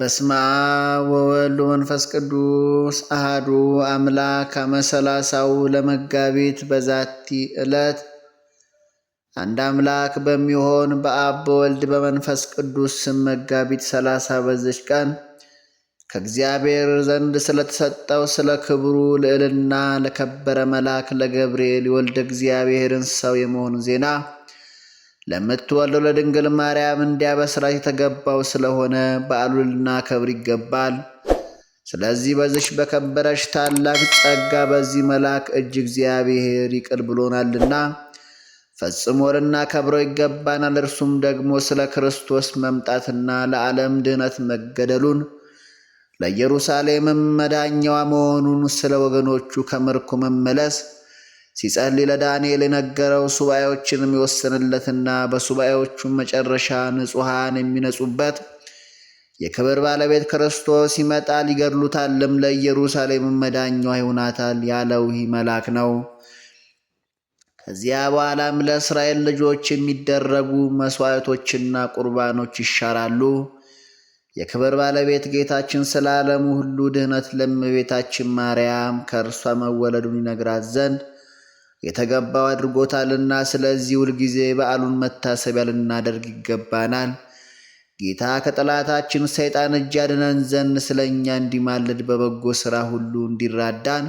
በስመ አብ ወወልድ ወመንፈስ ቅዱስ አሃዱ አምላክ። አመሰላሳው ለመጋቢት በዛቲ ዕለት አንድ አምላክ በሚሆን በአብ በወልድ በመንፈስ ቅዱስ ስም መጋቢት ሰላሳ በዚች ቀን ከእግዚአብሔር ዘንድ ስለተሰጠው ስለ ክብሩ ልዕልና ለከበረ መልአክ ለገብርኤል የወልደ እግዚአብሔርን ሰው የመሆኑ ዜና ለምትወልደው ለድንግል ማርያም እንዲያበስራት የተገባው ስለሆነ በዓሉን ልናከብር ይገባል። ስለዚህ በዚሽ በከበረች ታላቅ ጸጋ በዚህ መልአክ እጅ እግዚአብሔር ይቅር ብሎናልና ፈጽሞ ልናከብረው ይገባናል። እርሱም ደግሞ ስለ ክርስቶስ መምጣትና ለዓለም ድኅነት መገደሉን ለኢየሩሳሌምም መዳኛዋ መሆኑን ስለ ወገኖቹ ከምርኩ መመለስ ሲጸልይ ለዳንኤል የነገረው ሱባኤዎችን የሚወስንለትና በሱባኤዎቹም መጨረሻ ንጹሐን የሚነጹበት የክብር ባለቤት ክርስቶስ ይመጣል፣ ይገድሉታልም፣ ለኢየሩሳሌም መዳኛዋ ይሆናታል ያለው ይህ መልአክ ነው። ከዚያ በኋላም ለእስራኤል ልጆች የሚደረጉ መስዋዕቶችና ቁርባኖች ይሻራሉ። የክብር ባለቤት ጌታችን ስለ ዓለሙ ሁሉ ድህነት ለእመቤታችን ማርያም ከእርሷ መወለዱን ይነግራት ዘንድ የተገባው አድርጎታልና፣ ስለዚህ ሁልጊዜ በዓሉን መታሰቢያ ልናደርግ ይገባናል። ጌታ ከጠላታችን ሰይጣን እጅ አድነን ዘንድ ስለ እኛ እንዲማልድ በበጎ ሥራ ሁሉ እንዲራዳን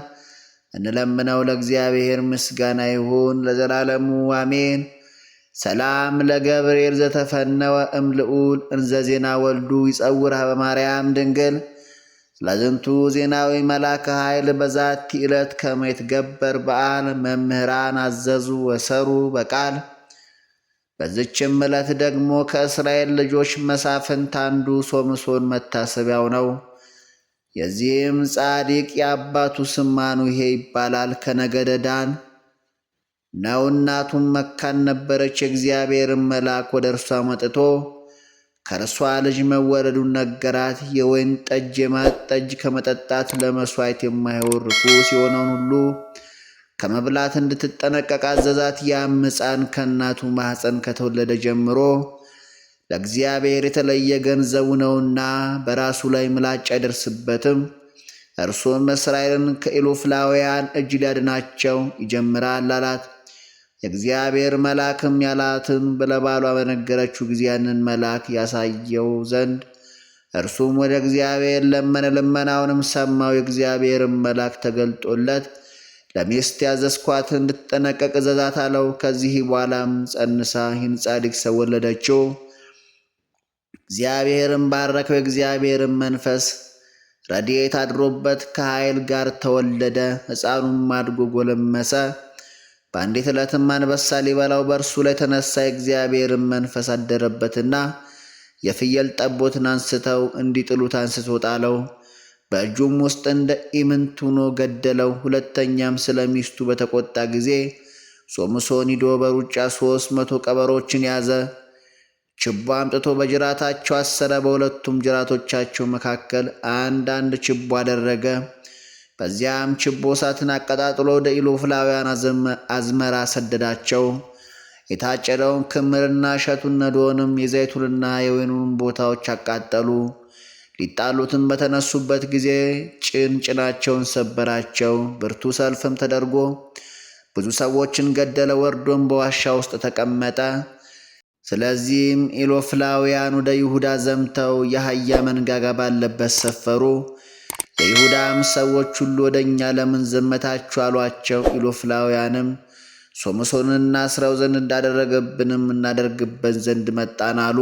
እንለምነው። ለእግዚአብሔር ምስጋና ይሁን ለዘላለሙ አሜን። ሰላም ለገብርኤል ዘተፈነወ እምልዑል እንዘ ዜና ወልዱ ይጸውርሃ በማርያም ድንግል ስለዝንቱ ዜናዊ መላከ ኃይል በዛቲ ዕለት ከመ በዓል መምህራን አዘዙ ወሰሩ በቃል። በዚችም ዕለት ደግሞ ከእስራኤል ልጆች መሳፍንት አንዱ ሶምሶን መታሰቢያው ነው። የዚህም ጻድቅ የአባቱ ስም ማኑሄ ይባላል። ከነገደ ዳን ነው። እናቱም መካን ነበረች። የእግዚአብሔርን መልአክ ወደ እርሷ መጥቶ ከእርሷ ልጅ መወለዱን ነገራት። የወይን ጠጅ የማት ጠጅ ከመጠጣት ለመሥዋዕት የማይወርቁ ርኩስ የሆነውን ሁሉ ከመብላት እንድትጠነቀቅ አዘዛት። ያም ሕፃን ከእናቱ ማኅፀን ከተወለደ ጀምሮ ለእግዚአብሔር የተለየ ገንዘቡ ነውና በራሱ ላይ ምላጭ አይደርስበትም። እርሱም እስራኤልን ከኤሎፍላውያን እጅ ሊያድናቸው ይጀምራል አላት። የእግዚአብሔር መልአክም ያላትን ለባሏ በነገረችው ጊዜ ያንን መልአክ ያሳየው ዘንድ እርሱም ወደ እግዚአብሔር ለመነ። ልመናውንም ሰማው። የእግዚአብሔርን መልአክ ተገልጦለት ለሚስት ያዘዝኳት እንድትጠነቀቅ እዘዛት አለው። ከዚህ በኋላም ጸንሳ ይህን ጻድቅ ሰው ወለደችው። እግዚአብሔርን ባረከው። የእግዚአብሔርን መንፈስ ረድኤት አድሮበት ከኃይል ጋር ተወለደ። ሕፃኑም አድጎ ጎለመሰ። በአንዲት ዕለትም አንበሳ ሊበላው በእርሱ ላይ ተነሳ። የእግዚአብሔርን መንፈስ አደረበትና የፍየል ጠቦትን አንስተው እንዲጥሉት አንስቶ ጣለው። በእጁም ውስጥ እንደ ኢምንት ሆኖ ገደለው። ሁለተኛም ስለ ሚስቱ በተቆጣ ጊዜ ሶምሶን ሂዶ በሩጫ ሶስት መቶ ቀበሮችን ያዘ። ችቦ አምጥቶ በጅራታቸው አሰረ። በሁለቱም ጅራቶቻቸው መካከል አንድ አንድ ችቦ አደረገ። በዚያም ችቦ እሳትን አቀጣጥሎ ወደ ኢሎፍላውያን አዝመራ ሰደዳቸው። የታጨደውን ክምርና እሸቱን ነዶንም የዘይቱንና የወይኑን ቦታዎች አቃጠሉ። ሊጣሉትም በተነሱበት ጊዜ ጭን ጭናቸውን ሰበራቸው። ብርቱ ሰልፍም ተደርጎ ብዙ ሰዎችን ገደለ። ወርዶም በዋሻ ውስጥ ተቀመጠ። ስለዚህም ኢሎፍላውያን ወደ ይሁዳ ዘምተው የአህያ መንጋጋ ባለበት ሰፈሩ። የይሁዳም ሰዎች ሁሉ ወደ እኛ ለምን ዘመታችሁ አሏቸው። ኢሎፍላውያንም ሶምሶንን እናስረው ዘንድ እንዳደረገብንም እናደርግበት ዘንድ መጣን አሉ።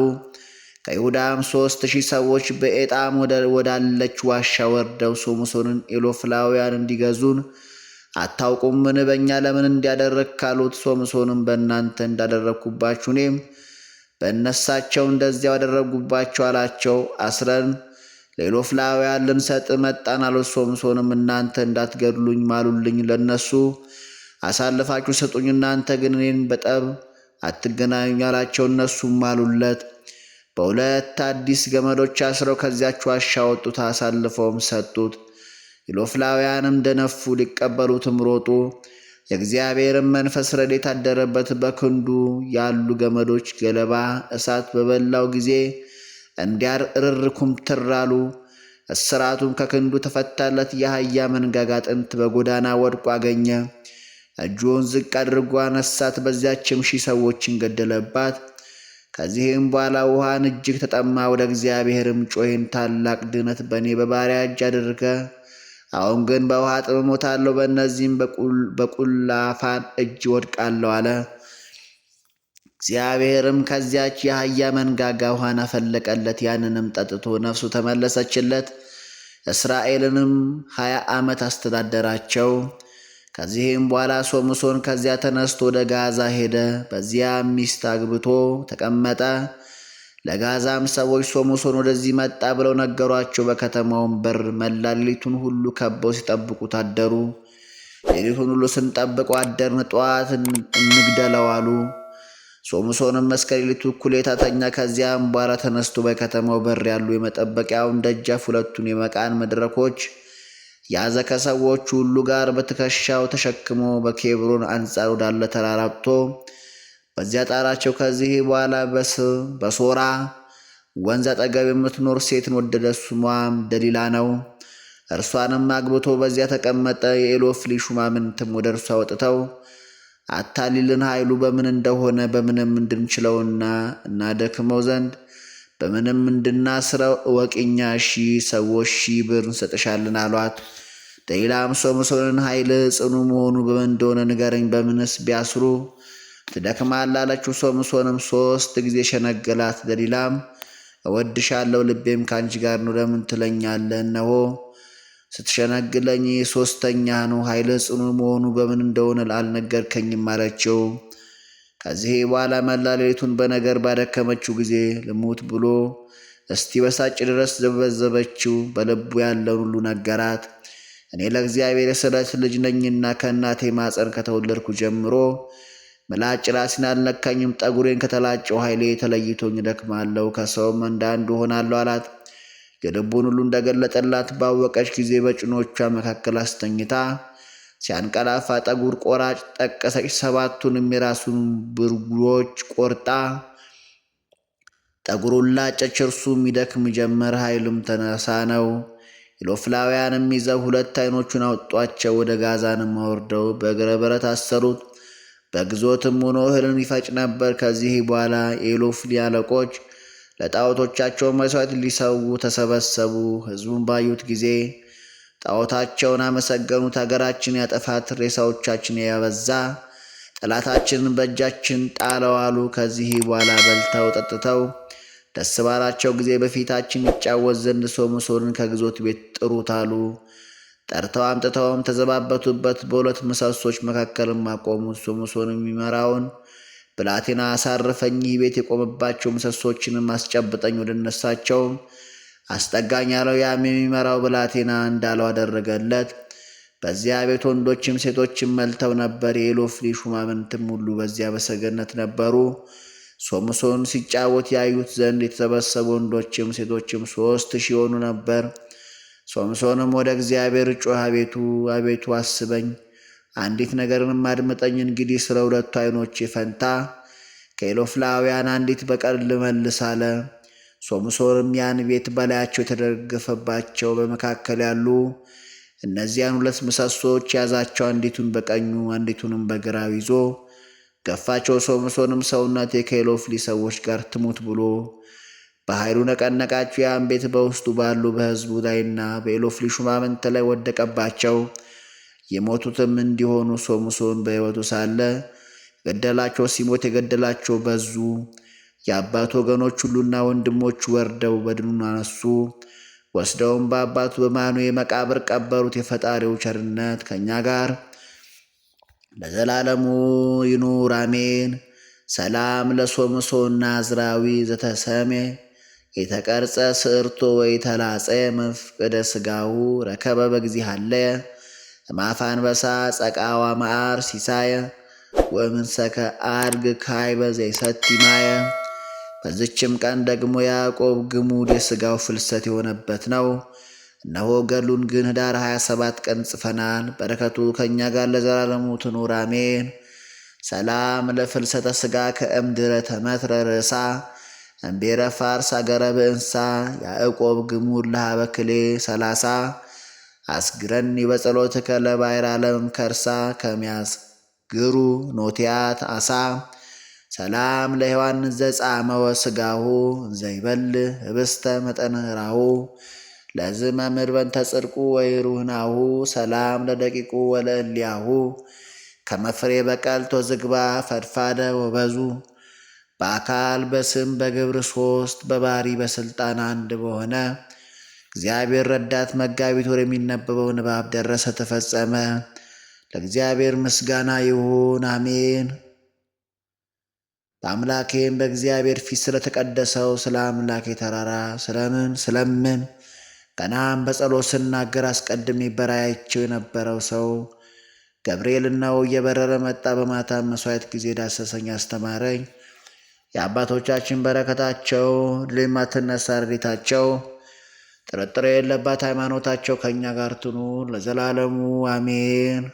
ከይሁዳም ሦስት ሺህ ሰዎች በኤጣም ወዳለች ዋሻ ወርደው ሶምሶንን ኤሎፍላውያን እንዲገዙን አታውቁምን? በእኛ ለምን እንዲያደረግ ካሉት ሶምሶንም በእናንተ እንዳደረግኩባችሁ እኔም በእነሳቸው እንደዚያው አደረጉባቸው አላቸው። አስረን ለኢሎፍላውያን ልንሰጥ መጣን አሉት። ሶምሶንም እናንተ እንዳትገድሉኝ ማሉልኝ፣ ለነሱ አሳልፋችሁ ሰጡኝ፣ እናንተ ግን እኔን በጠብ አትገናኙኝ አላቸው። እነሱም ማሉለት። በሁለት አዲስ ገመዶች አስረው ከዚያች ዋሻ ወጡት፣ አሳልፈውም ሰጡት። ኢሎፍላውያንም ደነፉ፣ ሊቀበሉትም ሮጡ። የእግዚአብሔርን መንፈስ ረዴት አደረበት። በክንዱ ያሉ ገመዶች ገለባ እሳት በበላው ጊዜ እንዲያር እርርኩም ትራሉ እስራቱም ከክንዱ ተፈታለት። የአህያ መንጋጋ አጥንት በጎዳና ወድቆ አገኘ። እጁን ዝቅ አድርጎ አነሳት። በዚያችም ሺህ ሰዎችን ገደለባት። ከዚህም በኋላ ውሃን እጅግ ተጠማ። ወደ እግዚአብሔርም ጮይን ታላቅ ድነት በእኔ በባሪያ እጅ አድርገ አሁን ግን በውሃ ጥም እሞታለሁ፣ በእነዚህም በቁላፋን እጅ ወድቃለሁ አለ። እግዚአብሔርም ከዚያች የአህያ መንጋጋ ውሃን አፈለቀለት። ያንንም ጠጥቶ ነፍሱ ተመለሰችለት። እስራኤልንም ሀያ ዓመት አስተዳደራቸው። ከዚህም በኋላ ሶምሶን ከዚያ ተነስቶ ወደ ጋዛ ሄደ። በዚያም ሚስት አግብቶ ተቀመጠ። ለጋዛም ሰዎች ሶምሶን ወደዚህ መጣ ብለው ነገሯቸው። በከተማውን በር መላ ሁሉ ከበው ሲጠብቁት አደሩ። ሌሊቱን ሁሉ ስንጠብቀው አደርን፣ ጠዋት እንግደለው አሉ። ሶምሶንም እስከ ሌሊቱ እኩሌታ ተኛ። ከዚያም በኋላ ተነስቶ በከተማው በር ያሉ የመጠበቂያውን ደጃፍ ሁለቱን የመቃን መድረኮች ያዘ። ከሰዎች ሁሉ ጋር በትከሻው ተሸክሞ በኬብሮን አንጻር ወዳለ ተራራ ወጥቶ በዚያ ጣራቸው። ከዚህ በኋላ በሶራ ወንዝ አጠገብ የምትኖር ሴትን ወደደ። ስሟም ደሊላ ነው። እርሷንም አግብቶ በዚያ ተቀመጠ። የኤሎፍሊ ሹማምንትም ወደ እርሷ ወጥተው አታሊልን ኃይሉ በምን እንደሆነ በምንም እንድንችለውና እናደክመው ዘንድ በምንም እንድናስረው እወቂኛ ሺ ሰዎች ሺ ብር እንሰጥሻለን አሏት። ደሊላም ሶምሶንን ኃይል ጽኑ መሆኑ በምን እንደሆነ ንገረኝ፣ በምንስ ቢያስሩ ትደክማል አለችው። ሶምሶንም ሶስት ጊዜ ሸነገላት። ደሊላም እወድሻለሁ፣ ልቤም ከአንቺ ጋር ነው፣ ለምን ትለኛለህ? እነሆ ስትሸነግለኝ ሶስተኛ ነው፣ ኃይለ ጽኑ መሆኑ በምን እንደሆነ አልነገርከኝም አለችው። ከዚህ በኋላ መላሌቱን በነገር ባደከመችው ጊዜ ልሙት ብሎ እስቲ በሳጭ ድረስ ዘበዘበችው። በልቡ ያለውን ሁሉ ነገራት። እኔ ለእግዚአብሔር የስለት ልጅ ነኝና ከእናቴ ማፀን ከተወለድኩ ጀምሮ ምላጭ ራሴን አልነካኝም። ጠጉሬን ከተላጨው ኃይሌ ተለይቶኝ ደክማለሁ፣ ከሰውም እንዳንዱ ሆናለሁ አላት። የልቡን ሁሉ እንደገለጠላት ባወቀች ጊዜ በጭኖቿ መካከል አስተኝታ ሲያንቀላፋ ጠጉር ቆራጭ ጠቀሰች። ሰባቱንም የራሱን ብርጉሮች ቆርጣ ጠጉሩን ላጨች። እርሱ ይደክም ጀመር፣ ኃይልም ተነሳ ነው። ኢሎፍላውያንም ይዘው ሁለት አይኖቹን አውጧቸው፣ ወደ ጋዛንም አወርደው በእግረ አሰሩት። በግዞትም ሆኖ እህልን ይፈጭ ነበር። ከዚህ በኋላ የኢሎፍሊ አለቆች ለጣዖቶቻቸው መሥዋዕት ሊሰዉ ተሰበሰቡ። ሕዝቡን ባዩት ጊዜ ጣዖታቸውን አመሰገኑት። አገራችን ያጠፋት ሬሳዎቻችን ያበዛ ጠላታችንን በእጃችን ጣለው አሉ። ከዚህ በኋላ በልተው ጠጥተው ደስ ባላቸው ጊዜ በፊታችን ይጫወት ዘንድ ሶምሶንን ከግዞት ቤት ጥሩት አሉ። ጠርተው አምጥተውም ተዘባበቱበት። በሁለት ምሰሶች መካከልም አቆሙት። ሶምሶንም የሚመራውን ብላቴና አሳርፈኝ፣ ይህ ቤት የቆመባቸው ምሰሶችንም አስጨብጠኝ፣ ወደነሳቸው አስጠጋኝ ያለው ያም የሚመራው ብላቴና እንዳለው አደረገለት። በዚያ ቤት ወንዶችም ሴቶችም መልተው ነበር። የኢሎፍሊ ሹማምንትም ሁሉ በዚያ በሰገነት ነበሩ። ሶምሶን ሲጫወት ያዩት ዘንድ የተሰበሰቡ ወንዶችም ሴቶችም ሦስት ሺህ ነበር። ሶምሶንም ወደ እግዚአብሔር ጮኸ፣ አቤቱ አቤቱ አስበኝ አንዲት ነገርንም አድምጠኝ እንግዲህ ስለ ሁለቱ ዓይኖች ፈንታ ከኤሎፍላውያን አንዲት በቀር ልመልስ አለ። ሶምሶንም ያን ቤት በላያቸው የተደገፈባቸው በመካከል ያሉ እነዚያን ሁለት ምሰሶዎች ያዛቸው፣ አንዲቱን በቀኙ አንዲቱንም በግራው ይዞ ገፋቸው። ሶምሶንም ሰውነቴ ከኤሎፍሊ ሰዎች ጋር ትሙት ብሎ በኃይሉ ነቀነቃቸው። ያን ቤት በውስጡ ባሉ በሕዝቡ ላይና በኤሎፍሊ ሹማምንት ላይ ወደቀባቸው። የሞቱትም እንዲሆኑ ሶምሶን በሕይወቱ ሳለ የገደላቸው ሲሞት የገደላቸው በዙ። የአባቱ ወገኖች ሁሉና ወንድሞች ወርደው በድኑን አነሱ። ወስደውም በአባቱ በማኑኤ መቃብር ቀበሩት። የፈጣሪው ቸርነት ከእኛ ጋር ለዘላለሙ ይኑር አሜን። ሰላም ለሶምሶን ናዝራዊ ዘተሰሜ የተቀርጸ ስእርቶ ወይ ተላጸ መፍቅደ ሥጋው ረከበ በጊዜ አለየ ማፋ አንበሳ ጸቃዋ መዓር ሲሳየ ወእምንሰከ አድግ ካይበ ዘይሰቲ ማየ። በዝችም ቀን ደግሞ ያዕቆብ ግሙድ የሥጋው ፍልሰት የሆነበት ነው። እነሆ ገሉን ግን ኅዳር 27 ቀን ጽፈናል። በረከቱ ከእኛ ጋር ለዘላለሙ ትኑር አሜን። ሰላም ለፍልሰተ ሥጋ ከእምድረ ተመትረ ርእሳ እምቤረ ፋርስ አገረ ብእንሳ ያዕቆብ ግሙድ ለሃበክሌ ሰላሳ አስግረኒ በጸሎትከ ከለባይር ዓለም ከርሳ ከሚያስግሩ ኖቲያት አሳ ሰላም ለሔዋን ዘጻመወ ስጋሁ ዘይበል ህብስተ መጠንራሁ ለዝመ ምድበን ተጽድቁ ወይ ሰላም ለደቂቁ ወለእልያሁ ከመፍሬ በቀልቶ ዝግባ ፈድፋደ ወበዙ በአካል በስም በግብር ሶስት በባሪ በስልጣን አንድ በሆነ እግዚአብሔር ረዳት መጋቢት ወር የሚነበበው ንባብ ደረሰ፣ ተፈጸመ። ለእግዚአብሔር ምስጋና ይሁን፣ አሜን። በአምላኬም በእግዚአብሔር ፊት ስለተቀደሰው ስለ አምላኬ ተራራ ስለምን ስለምን ገናም በጸሎት ስናገር አስቀድሜ በራያቸው የነበረው ሰው ገብርኤል ነው እየበረረ መጣ። በማታ መሥዋዕት ጊዜ ዳሰሰኝ፣ አስተማረኝ። የአባቶቻችን በረከታቸው ልማትነት ሳርሪታቸው ጥርጥር የለባት ሃይማኖታቸው ከእኛ ጋር ትኑር ለዘላለሙ አሜን።